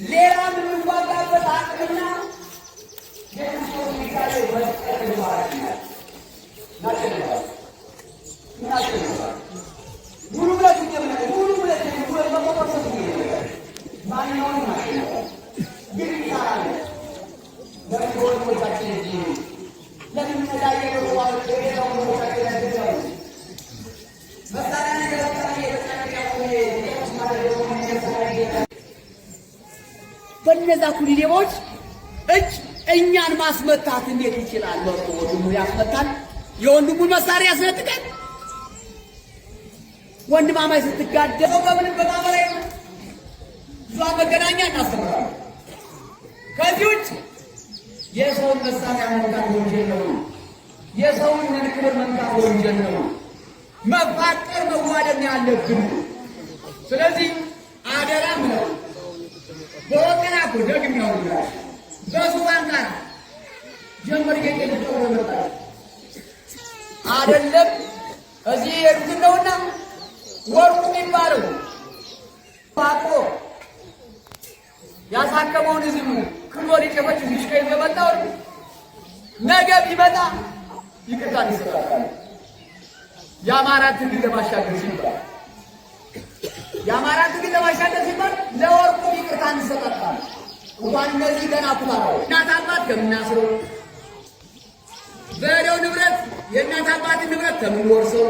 मेरा मिलवा का पता करना ये उसको निकाले बस कर दोबारा किया ना चलेगा ना चलेगा गुरु का जी के बने गुरु का जी के गुरु का पता नहीं माने और ना गिरी सारा है जब बोल को जाते हैं लेकिन मजा ये लोग वाले በነዛ ኩሊሌቦች እጅ እኛን ማስመታት እንዴት ይችላል? መርጦ ወንድሙ ያስመታል። የወንድሙን መሳሪያ ያስነጥቀን? ወንድማማይ ስትጋደለው በምንም በማህበራዊ ብዙሃን መገናኛ እናስተምራለን። ከዚህ ውጭ የሰውን መሳሪያ መንካት ወንጀል ነው። የሰውን መንክብር መንካት ወንጀል ነው። መፋቀር መዋደድ ያለብን። ስለዚህ አደራ ምለው በወገና እኮ ደግም ያው በሱባን ጋር ጀመር የቀደደው አይደለም። እዚህ የሉትን ነውና ወርቁ የሚባለው አቆ ያሳከመውን ህዝቡ ክሎ ሊጨፈች ሚሽከይ የመጣው ነገ ቢመጣ ይቅርታ ይሰጣል። የአማራ ትግል ለማሻገር ሲባል የአማራ ትግል ለማሻገር ሲባል ለወር ጌታን ይሰጣጣል። እንኳን እነዚህ ገና ኩታራ እናት አባት ከምናስረው በደው ንብረት የእናት አባትን ንብረት ከምንወርሰው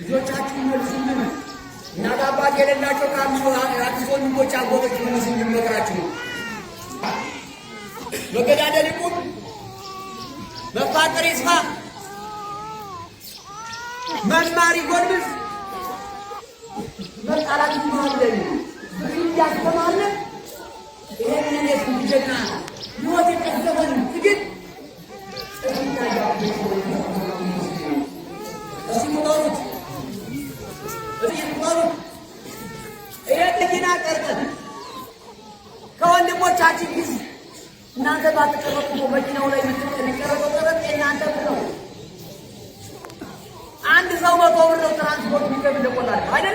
ልጆቻችን መልሱልን። እናት አባት የሌላቸው ካሉ አዲስ ወንድሞች አጎቶች መልስ እንድመክራችሁ ነው። መገዳደል ይቁም፣ መፋቀር ይስፋ፣ መማር ይጎልብስ። እንደገና ሕይወት የቀዘበን ትግል ከወንድሞቻችን ጊዜ እናንተ ባትቀረቁ መኪናው ላይ የሚቀረበው የእናንተ ነው። አንድ ሰው መቶ ብር ነው ትራንስፖርት የሚገብለቆላል።